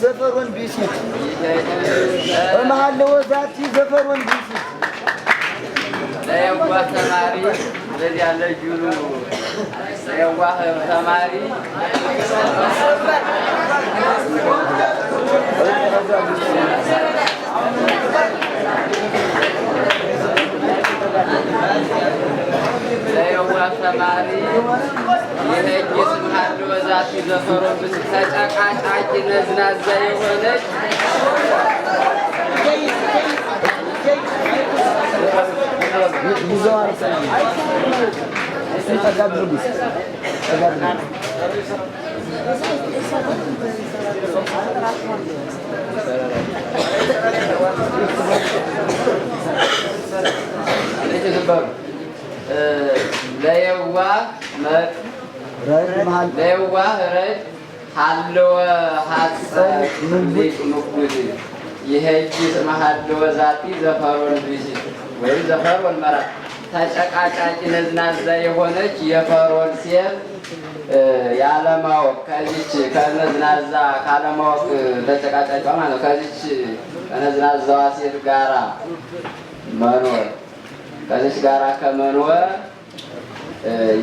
ዘፈሮን ቢሲት በመሀል ወዛቲ ዘፈሮን ቢሲት ለየዋ ተማሪ ለዚያ ለጅሉ ለየዋ ተማሪ አቃቂ ነዝናዛ የሆነች ለየዋ መቅ ለየዋ ረድ ሀለወ ሀጸት ምንሊቅ ምጉድ ይሄጅ ስመ ሀለወ ዛቲ ዘፈሮን ብዚ ወይም ዘፈሮን መራ ተጨቃጫቂ ነዝናዛ የሆነች የፈሮን ሴት ያለማወቅ ከዚች ከነዝናዛ ካለማወቅ ለጨቃጫቂ ማለት ነው። ከዚች ከነዝናዛዋ ሴት ጋራ መኖር ከዚች ጋራ ከመኖር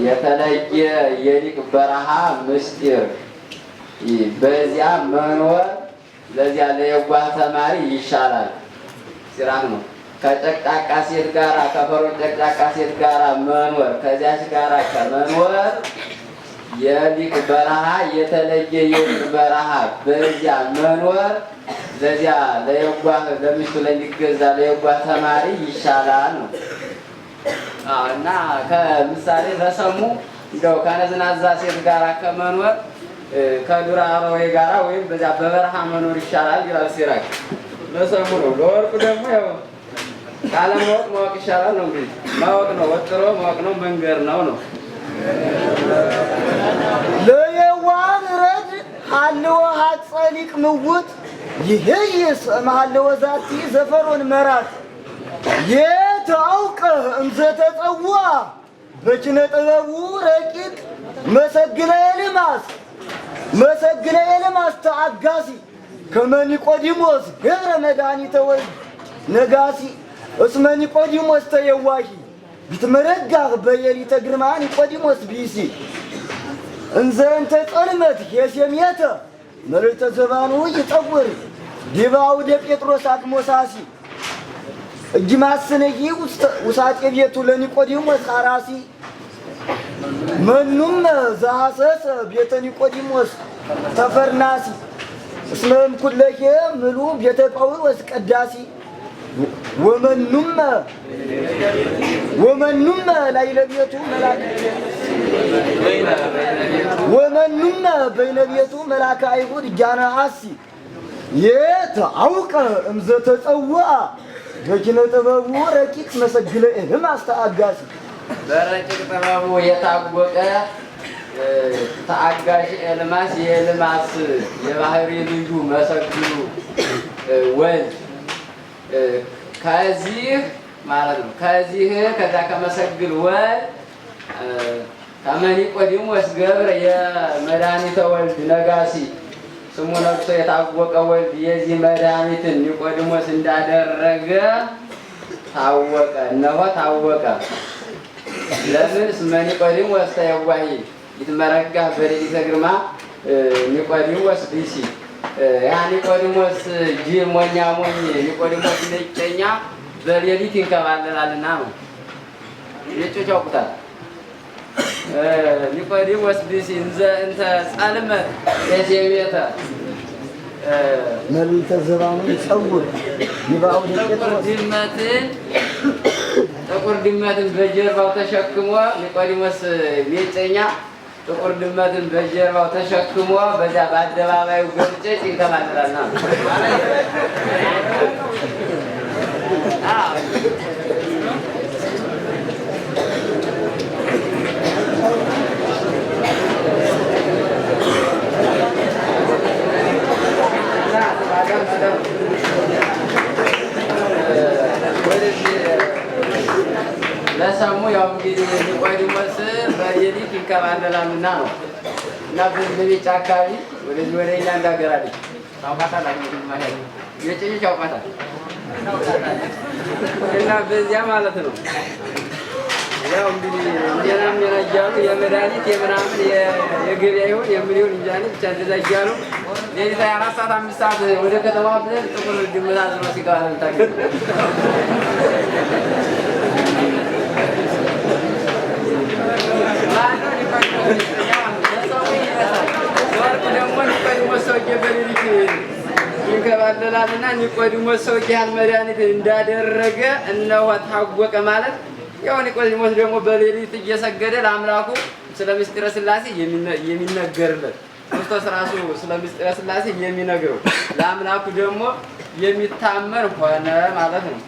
የተለየ የሊቅ በረሃ ምስጢር በዚያ መኖር ለዚያ ለየጓህ ተማሪ ይሻላል። ሲራክ ነው። ከጨቅጣቃ ሴት ጋራ ከፈሮ ጨቅጣቃ ሴት ጋራ መኖር ከዚያች ጋራ ከመኖር የሊቅ በረሃ የተለየ የሊቅ በረሃ በዚያ መኖር ለዚያ ለየጓህ ለሚስቱ ለሚገዛ ለየጓህ ተማሪ ይሻላል ነው እና ከምሳሌ በሰሙ እንደው ከነዝናዛ ሴት ጋራ ከመኖር ከዱር አበባ ጋራ ወይም በዛ በበረሃ መኖር ይሻላል ይላል ሲራክ። ለሰሙ ነው። ለወርቁ ደግሞ ያው ካለማወቅ ማወቅ ይሻላል ነው። እንግዲህ ማወቅ ነው፣ ወጥሮ ማወቅ ነው፣ መንገድ ነው ነው ለየዋን ረድ ሀልወ ሀጸሊቅ ምውት ይህይ መሀልወ ዛቲ ዘፈሮን መራት የታውቀ እምዘተጸዋ በኪነ ጥበቡ ረቂቅ መሰግለ ልማስ መሰግነ የለማስተ አጋሲ ከመኒቆዲሞስ ገብረ መድኃኒተ ወልድ ነጋሲ እስመ ኒቆዲሞስ ተየዋሂ ቢትመረጋህ በየሊተ ግርማ ኒቆዲሞስ ቢሲ እንዘ እንተ ጸልመት የሴሜተ መልዕልተ ዘባኑ ይጠውር ዲባው ደጴጥሮስ አቅሞሳሲ እጅ ማስነይ ውሳጤ ቤቱ ለኒቆዲሞስ አራሲ መኑም ዘሐሰሰ ቤተ ኒቆዲሞስ ተፈርናሲ እስመ እምኩለኬ ምሉ ቤተ ጳውሎስ ቀዳሲ ወመኑም ወመኑም ላዕለ ቤቱ መልአከ ወመኑም በይነ ቤቱ መልአከ አይሁድ ጃናአሲ የት አውቀ እምዘተጸውአ በኪነ ጥበቡ ረቂቅ መሰግለ እህም አስተአጋሲ በረቂቅ ጥበቡ የታወቀ ተአጋዥ ኤልማስ የኤልማስ የባህሪ ልዩ መሰግኑ ወንዝ ከዚህ ማለት ነው። ከዚህ ከዛ ከመሰግል ወንዝ ከመኒቆዲሞስ ገብረ የመድኃኒተ ወልድ ነጋሲ ስሙ ነግሶ የታወቀ ወልድ የዚህ መድኃኒትን ኒቆዲሞስ እንዳደረገ ታወቀ። እነሆ ታወቀ። ለምን ስመኒ ቆዲም ወስተ የዋሂ ይትመረጋ በሌሊተ ግርማ ኒቆዲሞስ ብእሲ ያ ኒቆዲሞስ ጅ ሞኛ ሞኝ ኒቆዲሞስ ነጨኛ በሌሊት ይንከባለላልና ነው። ነጮች ያውቁታል። ኒቆዲሞስ ብእሲ እንዘ እንተ ጸልመት ቤተ መልዕልተ ዘባኑ ጸውር ይባው ዲመትን ጥቁር ድመትን በጀርባው ተሸክሞ ኒቆዲሞስ ቤጨኛ ጥቁር ድመትን በጀርባው ተሸክሞ በዛ በአደባባዩ ገብጨጭ ይንከባለላልና Thank ለሰሙ ያው እንግዲህ የቆይ ድሞስ በየሊት ይንከባለላል ነው እና ብልቤጫ አካባቢ ወደዚህ ወደ እኛ እንዳገራለች ታውቃታል። የጭኞች ያውቃታል እና በዚያ ማለት ነው ያው እንግዲህ ዜና ዜና እያሉ የመድኃኒት የምናምን የገበያ ይሁን የምን ይሁን እንጃ ብቻ እንደዛ እያሉ ሌሊት አራት ሰዓት አምስት ሰዓት ወደ ከተማ ብለን ጥቁር ድመት አዝኖ ሲገባ ታገ ይከባለላልና ኒቆዲሞስ ሰውዬን መድኃኒት እንዳደረገ እነሆ ታወቀ ማለት ያው ኒቆዲሞስ ደግሞ በሌሊት እየሰገደ ለአምላኩ ስለ ምስጢረ ሥላሴ የሚነገርለት ክርስቶስ ራሱ ስለ ምስጢረ ሥላሴ የሚነግረው ለአምላኩ ደግሞ የሚታመን ሆነ ማለት ነው።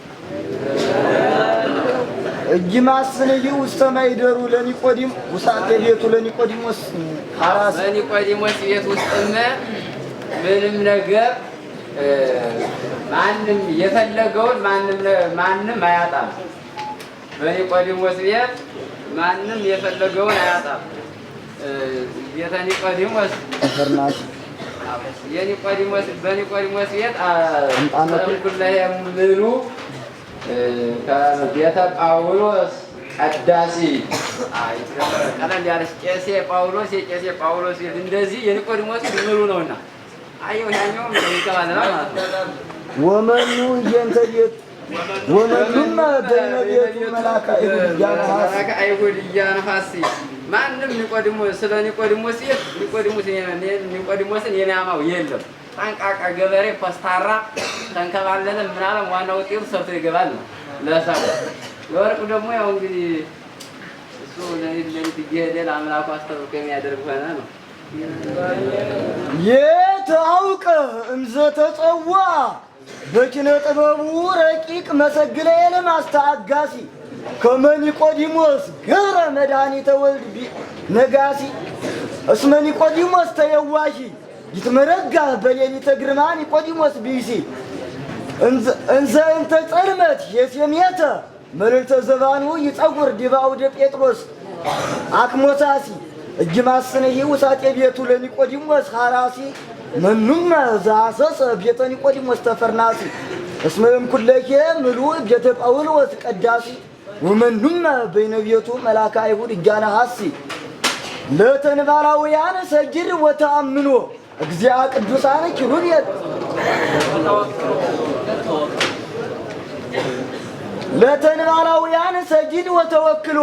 እጅማስንዩ ውስተ ማይደሩ ለኒቆዲም ውሳተ ቤቱ ለኒቆዲሞስ አራስ ለኒቆዲሞስ ቤት ውስጥም ምንም ነገር ማንም የፈለገውን ማንም ማንም አያጣም። በኒቆዲሞስ ቤት ማንም የፈለገውን አያጣም። ቤተ ኒቆዲሞስ የኒቆዲሞስ በኒቆዲሞስ ቤት ምሉ ከቤተ ጳውሎስ ቀዳሲ ቀለል ያለች ቄሴ ጳውሎስ የቄሴ ጳውሎስ ቤት እንደዚህ የኒቆዲሞስ ድምሩ ነውና አየው ያኛውም ይቀባዘራ ማለት ነው። ወመኑ እየንተ ቤት ወመኑማ በነቤቱ መላከ አይሁድ እያነፋስ ማንም ኒቆዲሞስ ስለ ኒቆዲሞስ ቤት ኒቆዲሞስን የሚያማው የለም። ጠንቃቃ ገበሬ ኮስታራ ተንከባለለ ምናለም ዋና ውጤቱ ሰርቶ ይገባል ነው ለሰው የወርቁ ደግሞ ያው እንግዲህ እሱ ለሊት እየሄደ ለአምላኩ አስተውቆ የሚያደርግ ሆነ ነው የት አውቀ እምዘ ተጸዋ በኪነ ጥበቡ ረቂቅ መሰግለ የለም አስተአጋሲ ከመ ኒቆዲሞስ ገብረ መድኃኒተ ወልድ ነጋሲ እስመ ኒቆዲሞስ ተየዋሂ ይትመረጋ በሌሊተ ግርማን ይቆዲሞስ ቢሲ እንዘ እንተ ጸልመት የሴሜተ መልዕልተ ዘባኑ ይጸጉር ዲባው ደ ጴጥሮስ አክሞታሲ እጅ ማስነሂ ውሳጤ ቤቱ ለኒቆዲሞስ ሐራሲ መኑመ ዘአሰሰ ቤተ ኒቆዲሞስ ተፈርናሲ እስመ እምኩለኬ ምሉእ ቤተ ጳውሎስ ቀዳሲ ወመኑመ በይነ ቤቱ መልአከ አይሁድ እጃነ ሐሲ ለተንባላውያን ሰጅር ወተአምኖ እግዚአ ቅዱሳነ ኪሩቤል ለተንባላውያን ሰጂድ ወተወክሎ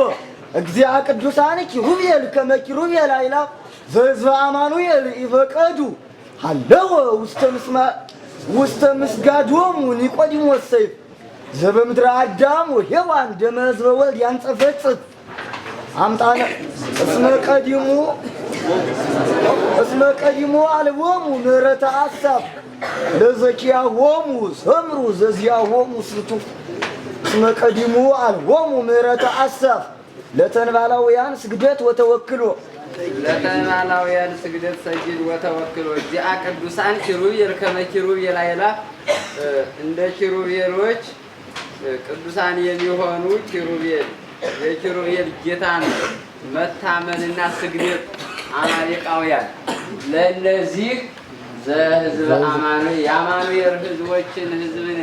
እግዚአ ቅዱሳነ ኪሩቤል ከመ ኪሩቤል አእላፍ ዘሕዝበ አማኑኤል ኢበቀዱ አለወ ውስተ ምስጋዶሙ ኒቆዲሞስ ሰይፍ ዘበምድረ አዳም ወሔዋን ደመ ሕዝበ ወልድ ያንጸፈጽፍ አምጣነ እስመ ቀዲሙ እስመ ቀዲሞ አልቦሙ ምህረተ አሳብ ለዘኪያሆሙ ሰምሩ ዘዚያሆሙ ስቱ እስመ ቀዲሞ አልቦሙ ምህረተ አሳብ ለተንባላውያን ስግደት ወተወክሎ ለተንባላውያን ስግደት ሰጊድ ወተወክሎ እዚያ ቅዱሳን ኪሩቤል ከመ ኪሩቤል አእላፍ እንደ ኪሩቤሎች ቅዱሳን የሚሆኑ ኪሩቤል የኪሩቤል ጌታን መታመንና ስግደት አማሌቃውያን ለእነዚህ ዘህዝብ የአማኑኤል ህዝቦችን ህዝብን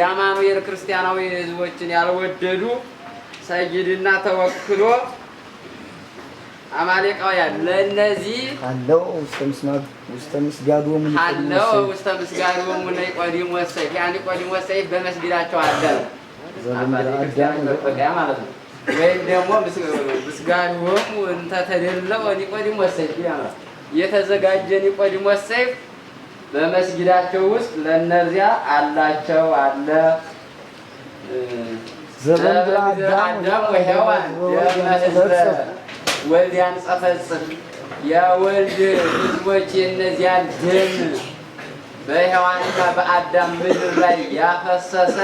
የአማኑኤል ክርስቲያናዊ ህዝቦችን ያልወደዱ ሰይድና ተወክሎ አማሌቃውያን ለእነዚህ አለው ውስተ ምስጋዶሙ አለው ውስተ ምስጋዶሙ ኒቆዲሞስ ሰይፍ ያ ኒቆዲሞስ ሰይፍ በመስጊዳቸው አለ ማለት ነው። ወይም ደግሞ ምስጋንሆሙ እንተ ተደለወ ኒቆዲሞስ ሰይፍ የተዘጋጀ ኒቆዲሞስ ሰይፍ በመስጊዳቸው ውስጥ ለእነዚያ አላቸው አለ ዘበንድራዳም ወሔዋን ወልድ ያንጸፈጽፍ የወልድ ህዝቦች የእነዚያን ደም በሔዋንና በአዳም ምድር ላይ ያፈሰሰ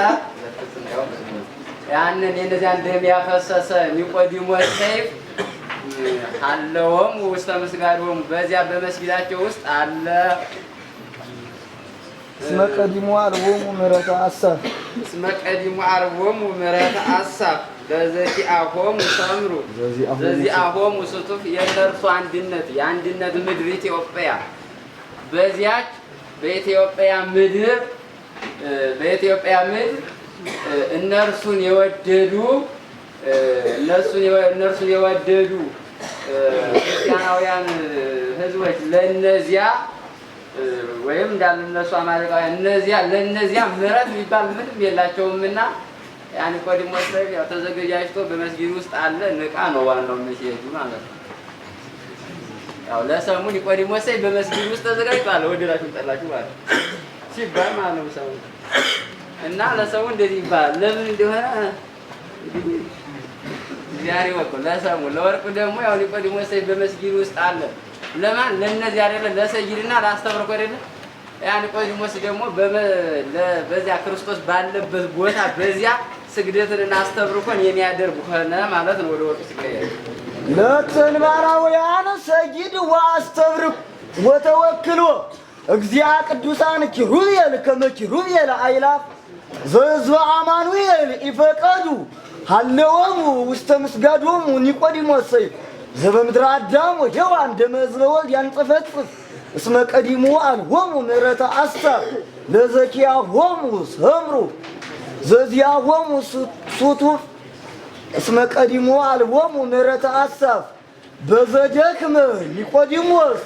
ያንን የነዚያን ደም ያፈሰሰ ኒቆዲሞስ ሰይፍ አለውም ውስተ ምስጋዶም በዚያ በመስጊዳቸው ውስጥ አለ። እስመ ቀዲሙ አልቦሙ ምሕረተ አሳፍ እስመ ቀዲሙ አልቦሙ ምሕረተ አሳፍ በዘዚአሆሙ ሰምሩ ዘዚአሆሙ ስቱፍ የእነርሱ አንድነት የአንድነት ምድር ኢትዮጵያ በዚያች በኢትዮጵያ ምድር በኢትዮጵያ ምድር እነርሱን የወደዱ እነርሱን የወደዱ ክርስቲያናውያን ህዝቦች ለነዚያ ወይም እንዳልነሱ አማልቃውያን እነዚያ ለነዚያ ምሕረት የሚባል ምንም የላቸውምና ያ ኒቆዲሞስ ያው ተዘገጃጅቶ በመስጊድ ውስጥ አለ። ንቃ ነው ዋናው መሄዱ ማለት ነው። ያው ለሰሙ ኒቆዲሞስ በመስጊድ ውስጥ ተዘጋጅቶ አለ ወደላችሁ ጠላችሁ ማለት ሲባል ማለት ነው ሰው እና ለሰው እንደዚህ ይባላል። ለምን እንደሆነ ዛሬ ወቁ ለሰሙ ለወርቁ ደግሞ ያው ኒቆዲሞስ በመስጊድ ውስጥ አለ። ለማን ለነዚህ አይደለ ለሰይድና ላስተብርኮ አይደለ ያ ኒቆዲሞስ ደግሞ በዚያ ክርስቶስ ባለበት ቦታ በዚያ ስግደትን አስተብርኮን የሚያደርግ ሆነ ማለት ነው። ወደ ወርቁ ሲቀየር ለጽንባራውያን ሰጊድ ወአስተብርክ ወተወክሎ እግዚአ ቅዱሳን ኪሩቤል ከመ ኪሩቤል አይላፍ ዘህዝበ አማኑኤል ኢፈቀዱ ሀለወሙ ውስተ ምስጋዶሙ ኒቆዲሞስ ዘበምድረ አዳም ወሔዋን ደመ ሕዝበ ወልድ ያንጸፈጽፍ እስመ ቀዲሙ አልሆሙ ምሕረተ አሳብ ለዘኪያሆሙ ሰምሩ ዘዚያሆሙ ሱቱፍ እስመ ቀዲሙ አልሆሙ ምሕረተ አሳብ በዘደክመ ኒቆዲሞስ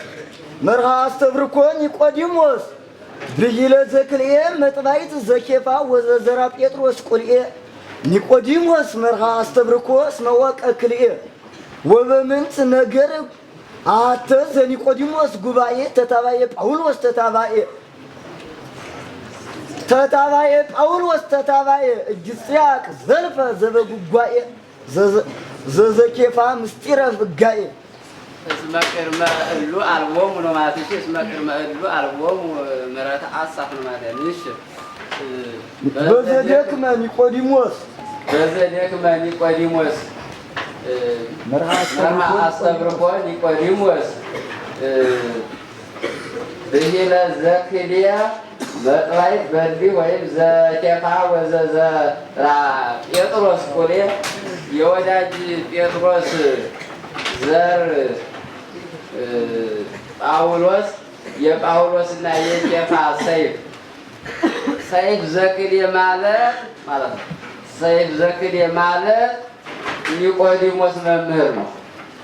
መርሃ አስተብርኮ ኒቆዲሞስ ብይለ ዘክልኤ መጥባይት ዘኬፋ ወዘዘራ ጴጥሮስ ቁልኤ ኒቆዲሞስ መርሃ አስተብርኮ ስመወቀ ክልኤ ወበምንጽ ነገር አተ ዘኒቆዲሞስ ጉባኤ ተታባየ ጳውሎስ ተታባየ ተታባየ ጳውሎስ ተታባየ እጅጽያቅ ዘልፈ ዘበጉጓኤ ዘዘኬፋ ምስጢረ ፍጋኤ እስመ ቅድመ እሉ አልቦሙ ነው ማለት እሺ። እስመ ቅድመ እሉ አልቦሙ ምሕረተ አሳፍ ነው ማለት እሺ። በዘደክመ ኒቆዲሞስ በዘደክመ ኒቆዲሞስ መርሃ አስተብርኮ ኒቆዲሞስ ብሂለ ዘክልየ በጥራይ በሊ ወይም ዘኬፋ ወዘዘራ ጴጥሮስ ቁሌ የወዳጅ ጴጥሮስ ዘር ጳውሎስ የጳውሎስና የኬፋ ሰይፍ ሰይፍ ዘክሌ ማለት ማለት ነው። ሰይፍ ዘክሌ ማለት ኒቆዲሞስ መምህር ነው፣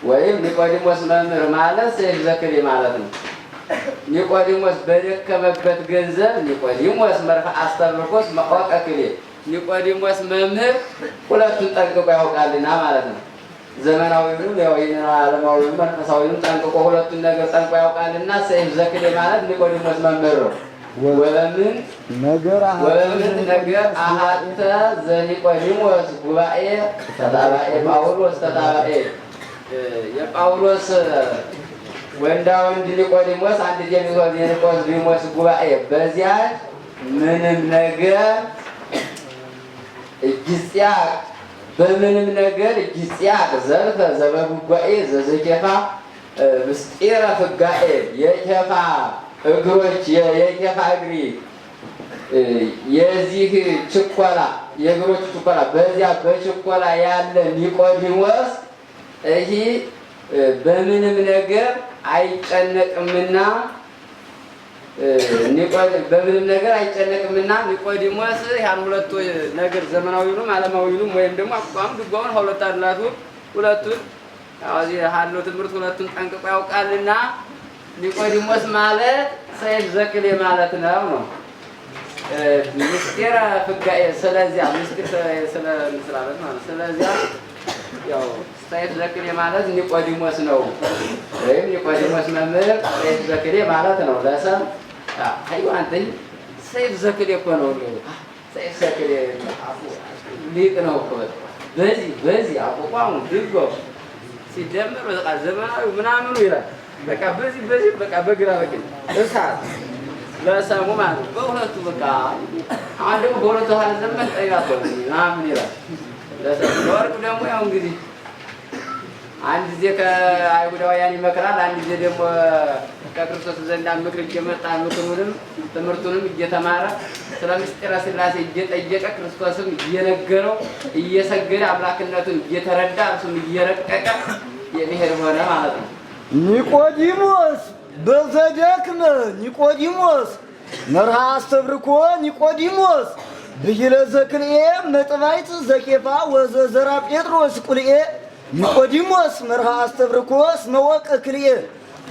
ወይም ኒቆዲሞስ መምህር ማለት ሰይፍ ዘክሌ ማለት ነው። ኒቆዲሞስ በደከመበት ገንዘብ ኒቆዲሞስ መርፍ አስተምርኮስ መቆቀክሌ ኒቆዲሞስ መምህር ሁለቱን ጠንቅቆ ያውቃልና ማለት ነው። ዘመናዊውንም ዓለማዊውንም መንፈሳዊውንም ጠንቅቆ ሁለቱን ነገር ጠንቅቆ ያውቃልና ሰይፍ ዘክሌ ማለት ኒቆዲሞስ መምህር ነው። ወበምን ነገር አሃተ ዘኒቆዲሞስ ጉባኤ ተጣባኤ ጳውሎስ ተጣባኤ የጳውሎስ ወንዳ ወንድ ኒቆዲሞስ አንድ የኒቆዲሞስ ጉባኤ በዚያ ምንም ነገር እግዚአብሔር በምንም ነገር ጊጽያቅ ዘርፈ ዘበጉጓኤ ዘዘኬፋ ምስጢረ ፍጋኤ የኬፋ እግሮች የኬፋ እግሪ የዚህ ችኮላ የእግሮች ችኮላ በዚያ በችኮላ ያለ ኒቆዲሞስ ይህ በምንም ነገር አይጨነቅምና በምንም ነገር አይጨነቅምና ኒቆዲሞስ ያን ሁለቱ ነገር አለማዊ ዓለማዊውንም ወይም ደግሞ አቋም ድጓውን ሁለት አድላቱ ሁለቱን እዚህ ያለው ትምህርት ሁለቱን ጠንቅቆ ያውቃልና ኒቆዲሞስ ማለት ሰይፍ ዘቅሌ ማለት ነው ነው ምስጢር ፍጋኤ ስለዚያ ምስጢር ስለ ምስላለት ማለት ስለዚያ ያው ዘክሌ ማለት ኒቆዲሞስ ነው ወይም ኒቆዲሞስ መምህር ሰይፍ ዘክሌ ማለት ነው ለሰም አንተ ሰይፍ ዘክሌ እኮ ነው ሰይፍ ዘክሌ ሊቅ ነው እኮ በዚህ በዚህ አቋቋሙ ድጋው ሲደመር በቃ ዘመናዊ ምናምኑ ይላል። በቃ በዚህ በዚህ በቃ በግራ በቀኝ እሳት ለሰሙ ማለት በሁለቱ በቃ አሁን ደግሞ በሁለቱ ሀለ ዘመን ጠይባት ምናምን ይላል። ለሰሙ ለወርቅ ደግሞ ያው እንግዲህ አንድ ጊዜ ከአይሁዳውያን ይመክራል፣ አንድ ጊዜ ደግሞ ከክርስቶስ ዘንድ ምክር እየመጣ ምክሩንም ትምህርቱንም እየተማረ ስለ ምስጢረ ስላሴ እየጠየቀ ክርስቶስም እየነገረው እየሰገደ አምላክነቱን እየተረዳ እርሱም እየረቀቀ የብሔር ሆነ ማለት ነው። ኒቆዲሞስ በዘደክመ ኒቆዲሞስ መርሃ አስተብርኮ ኒቆዲሞስ ብይለ ዘክልኤ መጥባይት ዘኬፋ ወዘዘራ ጴጥሮስ ቁልኤ ኒቆዲሞስ መርሃ አስተብርኮ ስመወቀ ክልኤ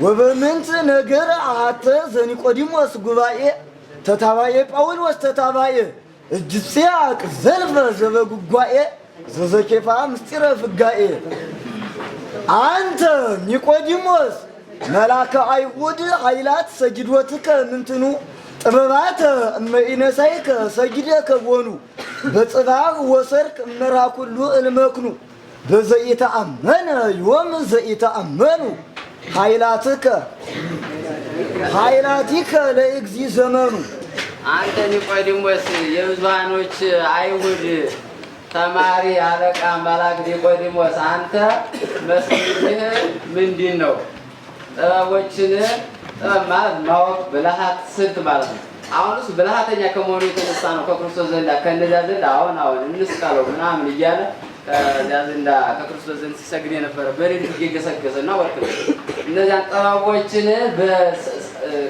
ወበምንት ነገር አተ ዘኒቆዲሞስ ጉባኤ ተታባዬ ጳውሎስ ተታባዬ እጅጽያቅ ዘልፈ ዘበጉጓኤ ዘዘኬፋ ምስጢረ ፍጋኤ አንተ ኒቆዲሞስ መላከ አይሁድ ኃይላት ሰጅድወትከ ምንትኑ ጥበባተ እመኢነሳይከ ሰጅደ ከቦኑ በጽባብ ወሰርክ እመራ ኩሉ እልመክኑ በዘኢተአመነ ዮም ዘኢተአመኑ ኃይላትከ ኃይላቲከ ለእግዚ ዘመኑ አንተ ኒቆዲሞስ የብዙሃኖች አይሁድ ተማሪ አለቃ መላክ ኒቆዲሞስ አንተ መስልህ ምንድን ነው? ጥበቦችን ጥበብ ማለት ማወቅ ብልሃት ስልት ማለት ነው። አሁንስ ብልሃተኛ ከመሆኑ የተነሳ ነው ከክርስቶስ ዘንዳ ከእነዚያ ዘንድ አሁን አሁን እንስቃለው ምናምን እያለ ከዚያ ዘንዳ ከክርስቶስ ዘንድ ሲሰግድ የነበረ በሌሊት እየገሰገሰ እና ወርክ እነዚያን ጠበቦችን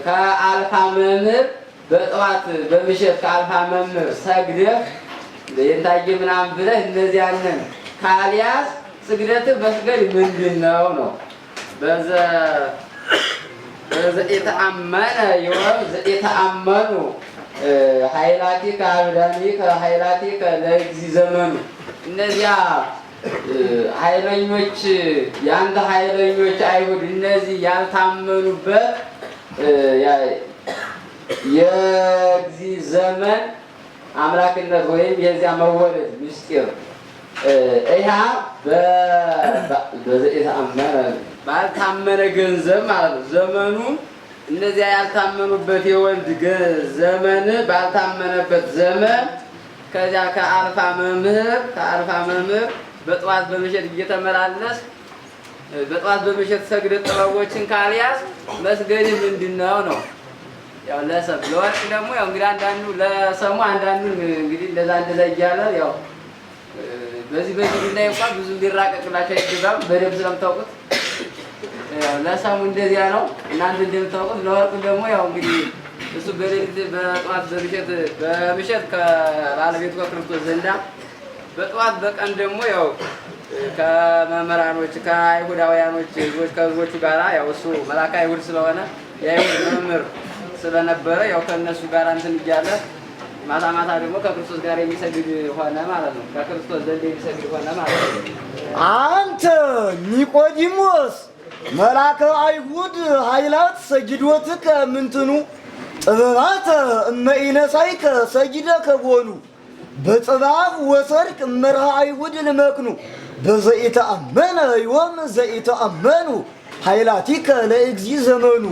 ከአልፋ መምህር በጠዋት በምሽት ከአልፋ መምህር ሰግደህ የንታየ ምናምን ብለህ እነዚያንን ካልያዝ ስግደት መስገድ ምንድን ነው ነው በዘ ዘኤተአመነ ይወም ዘኤተአመኑ ኃይላቲከ አብዳኒከ ኃይላቲከ ለእግዚ ዘመኑ እነዚያ ኃይለኞች የአንተ ኃይለኞች አይሁድ እነዚህ ያልታመኑበት የእግዚ ዘመን አምላክነት ወይም የዚያ መወለድ ምስጢር ይህ ባልታመነ ገንዘብ ማለት ነው። ዘመኑ እነዚያ ያልታመኑበት የወልድ ዘመን ባልታመነበት ዘመን ከዚያ ከአልፋ መምህር ከአልፋ መምህር በጠዋት በመሸት እየተመላለስ በጠዋት በመሸት ሰግደ ጥበቦችን ካልያዝ መስገድ ምንድን ነው ነው? ያው ለሰብ ለወርቅ ደግሞ ያው እንግዲህ አንዳንዱ ለሰሙ አንዳንዱ እንግዲህ እንደዛ እንደዛ እያለ ያው በዚህ በዚህ ላይ እንኳን ብዙ ሊራቀቅላቸው አይገባም። በደንብ ስለምታውቁት ለሰሙ እንደዚያ ነው። እናንተ እንደምታውቁት ለወርቁ ደግሞ ያው እንግዲህ እሱ በሌሊት በጠዋት በምሸት በምሸት ከባለቤቱ ከክርስቶስ ዘንዳ በጠዋት በቀን ደግሞ ያው ከመምህራኖች ከአይሁዳውያኖች ህዝቦች ከህዝቦቹ ጋራ ያው እሱ መላካ አይሁድ ስለሆነ የአይሁድ መምህር ስለነበረ ያው ከእነሱ ጋር እንትን እያለ ማታ ማታ ደግሞ ከክርስቶስ ጋር የሚሰግድ ሆነ ማለት ነው። ከክርስቶስ ዘንድ የሚሰግድ ሆነ ማለት ነው። አንተ ኒቆዲሞስ መላከ አይሁድ ኃይላት ሰጅዶትከ ምንትኑ ጥበባተ እመኢነሳይከ ሰጅደ ከጎኑ በጥባብ ወሰርቅ መርሃ አይሁድ ልመክኑ በዘኢተአመነ ዮም ዘኢተአመኑ ኃይላቲከ ለእግዚ ዘመኑ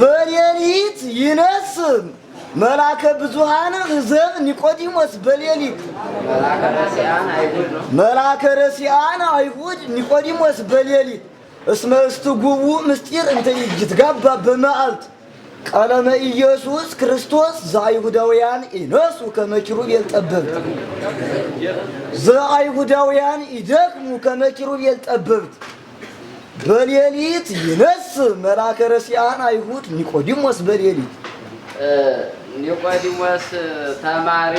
በሌሊት ይነስም መላከ ብዙሃን ሕዝብ ኒቆዲሞስ በሌሊት መልአከ ረሲአን አይሁድ ኒቆዲሞስ በሌሊት እስመ እስትጉቡ ምስጢር እንተ ይትጋባ በመዓልት ቀለመ ኢየሱስ ክርስቶስ ዘአይሁዳውያን ይነሱ ከመ ጠበብት ዘአይሁዳውያን ይደክሙ ከመ ኪሩቤል ጠበብት በሌሊት ይነስ መልአከ ረሲአን አይሁድ ኒቆዲሞስ በሌሊት ኒቆዲሞስ ተማሪ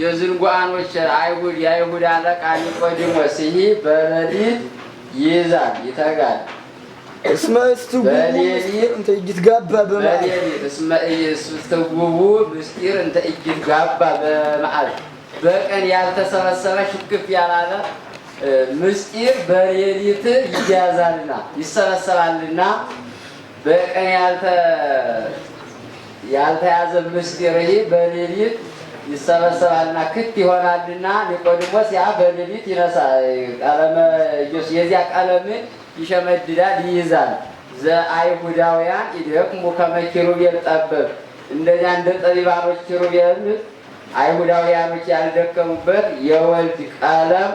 የዝንጓኖች አይሁድ የአይሁድ አለቃ ኒቆዲሞስ ይህ በሌሊት ይይዛል ይተጋል። እስመ እስትጉቡ እንተ እጅትጋባ በሌሊት እስመ እስትጉቡ ምስጢር እንተ እጅትጋባ በመዓልት በቀን ያልተሰበሰበ ሽክፍ ያላለ ምስጢር በሌሊት ይያዛልና ይሰበሰባልና በቀን ያልተ ያልተያዘ ምስጢር ይህ በሌሊት ይሰበሰባልና ክት ይሆናልና ኒቆዲሞስ ያ በሌሊት ቀለመ የዚያ ቀለምን ይሸመድዳል ይይዛል። ዘአይሁዳውያን ይደክሙ ከመ ኪሩቤል ጠበብ እንደዚያ እንደ ጠቢባኖች ኪሩቤል አይሁዳውያኖች ያልደከሙበት የወልድ ቀለም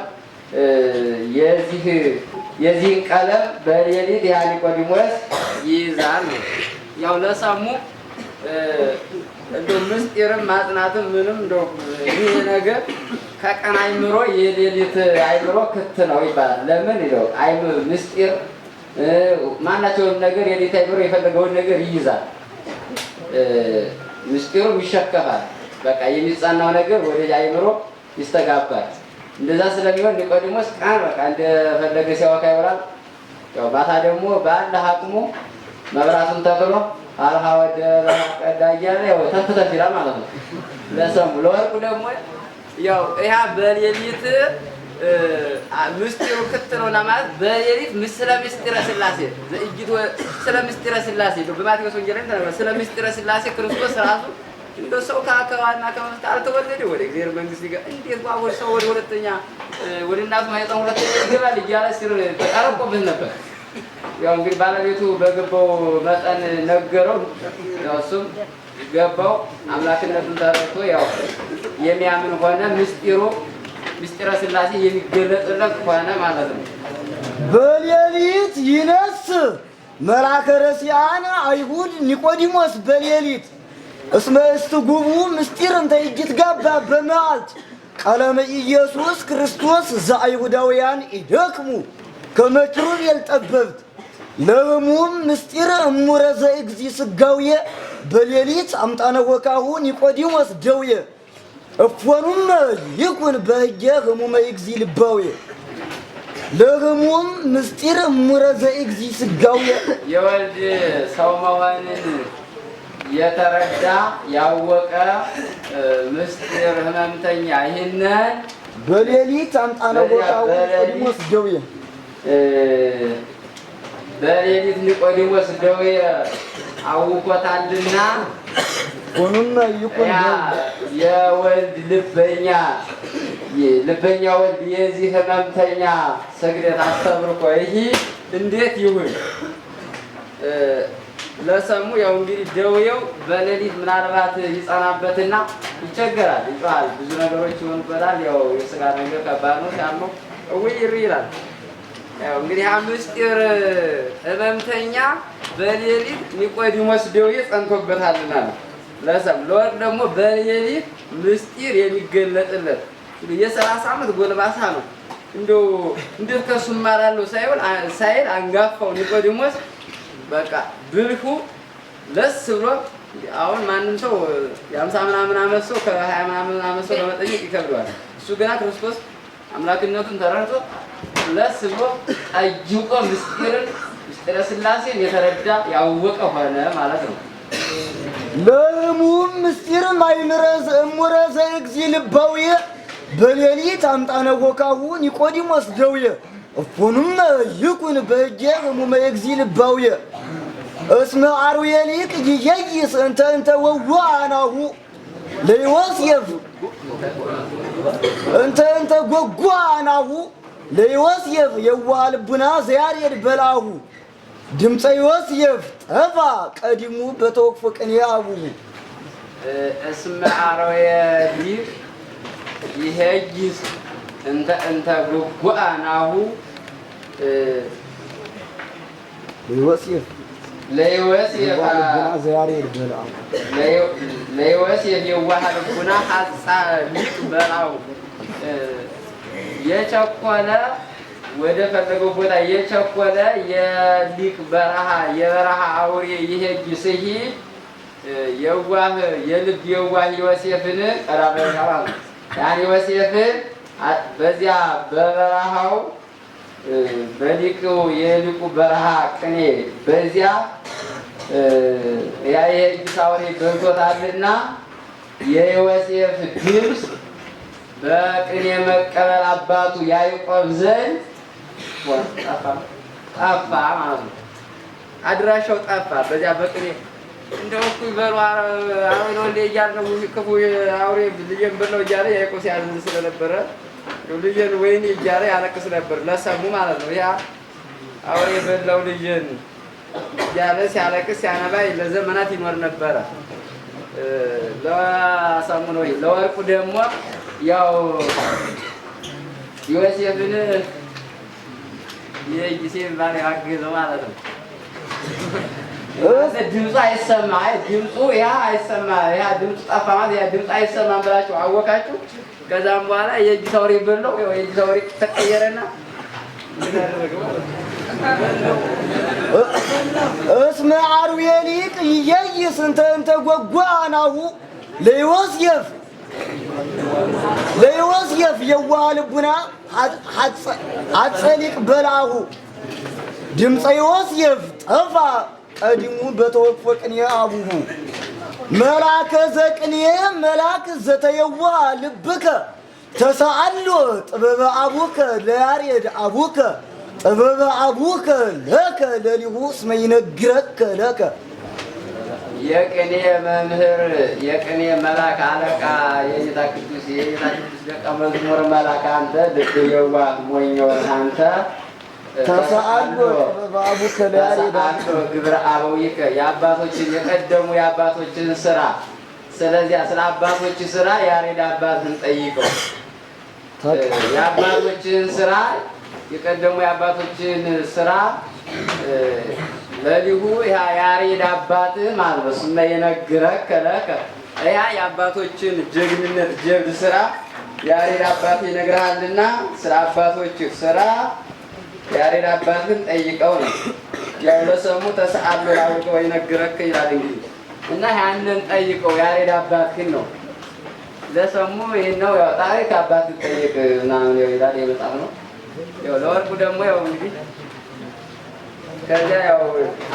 የዚህን ቀለም በሌሊት ያ ኒቆዲሞስ ይይዛል። ያው ለሰሙ እንደው ምስጢርም ማጽናትም ምንም እንደው ይህ ነገር ከቀን አይምሮ የሌሊት አይምሮ ክት ነው ይባላል። ለምን ይለው አይም ምስጢር ማናቸውም ነገር የሌሊት አይምሮ የፈለገውን ነገር ይይዛል፣ ምስጢሩም ይሸከፋል። በቃ የሚጻናው ነገር ወደ አይምሮ ይስተጋባል። እንደዛ ስለሚሆን ኒቆዲሞስ ቀን በቃ እንደፈለገ ሲያወካ ይውላል። ያው ማታ ደግሞ በአንድ አቅሙ መብራቱን ተክሎ አልሃ ወደ ቀዳ እያለ ያው ተፍተፍ ይላል ማለት ነው። ለሰሙ ለወርቁ ደግሞ ያው ይሄ በሌሊት ምስጢሩ ክት ነው ለማለት በሌሊት ምስለ ምስጢረ ስላሴ ዘእጅት ስለ ምስጢረ ስላሴ ነው። በማቴዎስ ወንጌል ላይ ተነግሯል። ስለ ምስጢረ ስላሴ ክርስቶስ ራሱ እንደ ሰው ከአካባቢና ከመፍታ አልተወለደ ወደ እግዚአብሔር መንግስት ይገ እንዴት ባቦር ሰው ወደ ሁለተኛ ወደ እናቱ ማህፀን ሁለተኛ ይገባል እያለ ሲሉ ተቃረቆብህ ነበር ያው እንግዲህ ባለቤቱ በገባው መጠን ነገረው። እሱም ገባው አምላክነቱን ተረድቶ ያው የሚያምን ሆነ። ምስጢሩ ምስጢረ ስላሴ የሚገለጥለት ሆነ ማለት ነው። በሌሊት ይነስ መልአከ ረሲአን አይሁድ ኒቆዲሞስ በሌሊት እስመ ጉቡ ምስጢር እንተ ጋባ በመዓልት ቀለመ ኢየሱስ ክርስቶስ ዘአይሁዳውያን ይደክሙ كمترون يلتببت لهموم مستيرا مرزا اكزي سقاوية بليليت امتانا وكاهو نيقودي واسدوية افوانوما يكون بهجيا هموما اكزي لباوية لهموم مستيرا مرزا اكزي سقاوية يا والدي يا وانين يا وكا مستير همامتن يعيننا بليليت امتانا وكاهو نيقودي واسدوية በሌሊት ኒቆዲሞስ ደዌ አውቆታልና ሆኑና ይቁን የወልድ ልበኛ ልበኛ ወልድ የዚህ ህመምተኛ ስግደት አስተምርኮ ይህ እንዴት ይሁን? ለሰሙ ያው እንግዲህ ደውየው በሌሊት ምናልባት ይጸናበትና ይቸገራል፣ ይጮሃል፣ ብዙ ነገሮች ይሆኑበታል። ያው የስጋ ነገር ከባድ ነው። ሲያመው እውይ ይላል እንግዲህ ምስጢር ህመምተኛ በሌሊት ኒቆዲሞስ ደዌ ጸንቶበታልና ነው። ለሰም ለወርቅ ደግሞ በሌሊት ምስጢር የሚገለጥለት የሰላሳ ዓመት ጎልባሳ ነው። እንደው እንዴት ከሱ እማራለሁ ሳይሆን ሳይል አንጋፋው ኒቆዲሞስ በቃ ብልሁ ለስ ብሎ አሁን ማንም ሰው የአምሳ ምናምን ዓመት ሰው ከሀያ ምናምን ዓመት ሰው ለመጠየቅ ይከብደዋል። እሱ ገና ክርስቶስ አምላክነቱን ተረድቶ ሁለት ስቦ አጅቆ ምስጢርን ምስጢረ ሥላሴን የተረዳ ያወቀ ሆነ ማለት ነው። ለእሙም ምስጢር ማይምረዝ እሙረዘ እግዚ ልባውየ በሌሊት አምጣነ ወካሁ ኒቆዲሞስ ደውየ እፎኑም ይኩን በእጄ ህሙመ እግዚ ልባውየ እስመ አርዌ ሊቅ ይየይስ እንተ እንተ ወወ አናሁ ለዮሴፍ እንተ እንተ ጎጓ አናሁ ለዮሴፍ የዋህ ልቡና ዘያሬድ በላሁ ድምፀ ዮሴፍ ጠፋ ቀዲሙ በተወክፎ ቅኔ አቡሁ እስመ አርዌ ዲፍ ይሄጊስ እንተ እንተ ጉጉአ ናሁ ለዮሴፍ ለዮሴፍ የዋህ ልቡና ሀጻ ሊቅ በላሁ የቸኮለ ወደ ፈለገው ቦታ የቸኮለ የሊቅ በረሃ የበረሃ አውሬ ይሄ ስሂድ የዋህ የልብ የዋህ ዮሴፍን ቀራበያል ያን ዮሴፍን በዚያ በበረሃው በሊቁ የሊቁ በረሃ ቅኔ በዚያ ያ የእጅ አውሬ በልቶታልና የዮሴፍ ድምፅ በቅኔ መቀበል አባቱ ያዕቆብ ዘንድ ጠፋ ማለት ነው። አድራሻው ጠፋ። በዚያ በቅኔ እንደው እኩይ በሉ አሁን ነው እንደ እያልን ነው ክፉ አውሬ ልጄን ብለው እያለ ያዕቆብ ሲያዝን ስለነበረ ልጄን ወይኔ እያለ ያለቅስ ነበር ለሰሙ ማለት ነው። ያ አውሬ በላው ልጄን እያለ ሲያለቅስ ሲያነባ ለዘመናት ይኖር ነበረ። ለሰሙ ነው። ለወርቁ ደግሞ ያው ዮሴፍን የጊዜ ባል ያግዘው ማለት ነው። ድምፁ አይሰማ ድምፁ ያ አይሰማ ያ ድምፁ ጠፋ ማለት ያ ድምፁ አይሰማ ብላችሁ አወቃችሁ። ከዛም በኋላ የእጅ ሰውሪ ብለው የእጅ ሰውሪ ተቀየረና እስመ አርዌ ሊቅ ይየይ ስንተ እንተ ጎጓ ለዮሴፍ ለዮሴፍ የዋህ ልቡና አጸሊቅ በላሁ ድምፀ ዮሴፍ ጠፋ ቀድሙ በተወፎ ቅኔ አቡሁ መላከ ዘቅኔ መላክ ዘተየዋህ ልብከ ተሰአሎ ጥበበ አቡከ ለያሬድ አቡከ ጥበበ አቡከ ለከ ለሊሁ እስመ ይነግረከ ለከ የቅኔ መምህር የቅኔ መላክ አለቃ የጌታ ቅዱስ የጌታ ቅዱስ ደቀ መዝሙር መላክ አንተ ልብ የዋህ ሞኘውን አንተ ተሰአሎ ግብረ አበዊከ የአባቶችን የቀደሙ የአባቶችን ስራ ስለዚያ ስለ አባቶች ስራ ያሬድ አባትን ጠይቀው የአባቶችን ስራ የቀደሙ የአባቶችን ስራ ለዲሁ ያ ያሬድ አባትህ ማለት እና ስመ ከለከ ለከ ያ የአባቶችን ጀግንነት ጀብድ ስራ ያሬድ አባትህ ይነግራልና ስለ አባቶች ስራ ያሬድ አባትህን ጠይቀው ነው። ያው ለሰሙ ተሰአሉ ላውቀው ይነግረከ ይላል እንግዲህ እና ያንን ጠይቀው ያሬድ አባትህን ነው ለሰሙ ይህን ነው ያው ታሪክ አባትህን ጠይቅ ምናምን ይላል የመጽሐፍ ነው። ያው ለወርቁ ደግሞ ያው እንግዲህ ከዚያ ያው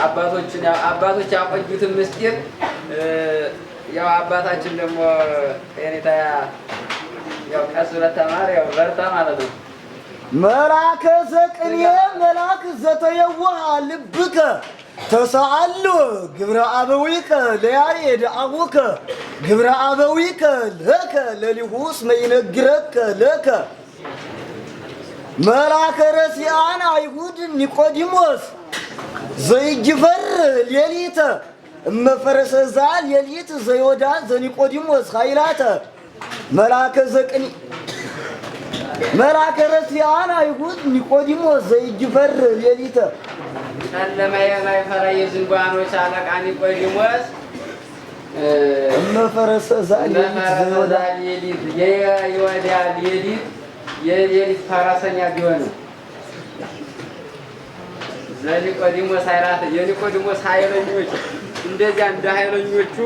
አባቶችን አባቶች ያቆዩትን ምስጢር ያው አባታችን ደግሞ ኔታ ያው ቀስ ብለህ ተማር ያው በርታ ማለት ነው። መልአከ ዘቅኔ መልአክ ዘተየውሃ ልብከ ተሰአሉ ግብረ አበዊከ ለያሬድ አቡከ ግብረ አበዊከ ለከ ለሊሁስ መይነግረከ ለከ መልአከ ረሲአን አይሁድ ኒቆዲሞስ ዘይጅፈር ሌሊተ እመፈረሰ ዛ ሌሊት ዘይወዳ ዘኒቆዲሞስ ኃይላተ መላከ ዘቅኒ መላከ ረስያን አይጉድ ኒቆዲሞስ ዘይጅፈር ሌሊተ ጨለማ የማይፈራ የዝንጓኖች አለቃ ኒቆዲሞስ እመፈረሰ ዛ ሌሊት የወዳ ሌሊት የሌሊት ፈረሰኛ ቢሆንም ዘኒቆዲሞስ አይራት የኒቆዲሞስ ኃይለኞች እንደዚያ እንደ ኃይለኞቹ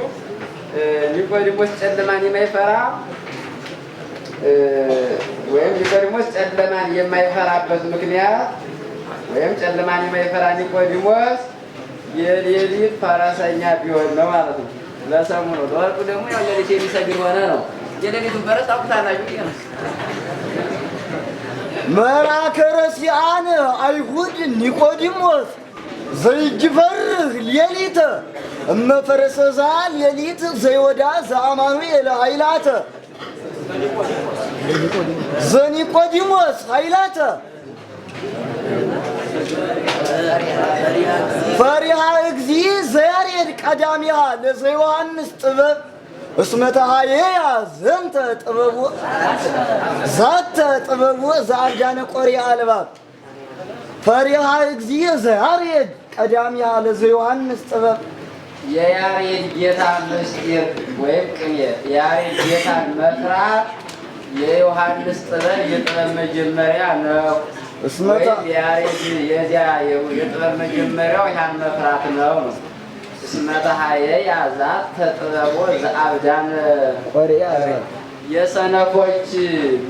ኒቆዲሞስ ጨለማን የማይፈራ ወይም ኒቆዲሞስ ጨለማን የማይፈራበት ምክንያት ወይም ጨለማን የማይፈራ ኒቆዲሞስ የሌሊት ፈረሰኛ ቢሆን ነው ማለት ነው። ለሰሙ ነው። ለወርቁ ደግሞ ያው ሌሊት የሚሰግድ ሆነ ነው። የሌሊቱን ፈረስ አውቁታላችሁ ነው መራከ ረሲአነ አይሁድ ኒቆዲሞስ ዘይጅፈርህ ሌሊተ እመፈረሰዛ ሌሊት ዘይወዳ ዘአማኑኤል ኃይላተ ዘኒቆዲሞስ ኃይላተ ፈሪሃ እግዚእ ዘያሬድ ቀዳሚሃ ለዘዮሐንስ ጥበብ እስመታሃዬ ዘንተ ጥበቡ ዛተ ጥበቡ ዘአርዳነ ቆሪ አልባብ ፈሪሃ እግዚእ ዘያሬድ ቀዳሚሃ ለዘ ዮሐንስ ጥበብ የያሬድ ጌታ ምስጢር ወይም ቅኔ የያሬድ ጌታን መጥራት የዮሐንስ ጥበብ የጥበብ መጀመሪያ ነው። ወይም የያሬድ የዚያ የጥበብ መጀመሪያው ያን መፍራት ነው ነው እስመ በሃየ ያዛት ተጥበቦ ዘአብዳን የሰነፎች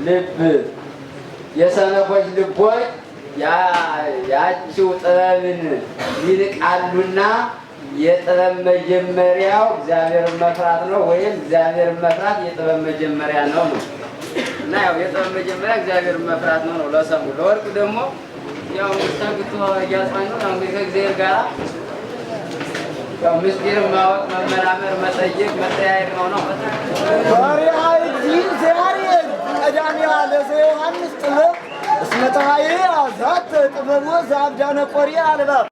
ልብ የሰነፎች ልቦች ያቺው ጥበብን ይንቃሉና የጥበብ መጀመሪያው እግዚአብሔር መፍራት ነው፣ ወይም እግዚአብሔር መፍራት የጥበብ መጀመሪያ ነው ነው እና ያው የጥበብ መጀመሪያ እግዚአብሔርን መፍራት ነው ነው ለሰሙ ለወርቁ ደግሞ ያው ተግቶ እያጽናኙ ነው እንግዲህ ከእግዚአብሔር ጋር ምስኪን ማወቅ መመራመር መጠየቅ መጠያየቅ ነው ነው። ፈሪሃይ ዲን ዛሬ ቀዳሚ ያለ ሰው ዮሐንስ ጥበብ እስመ ፀሐይ አዛት ጥበብ ወዛብዳነ ቆሪ አልባብ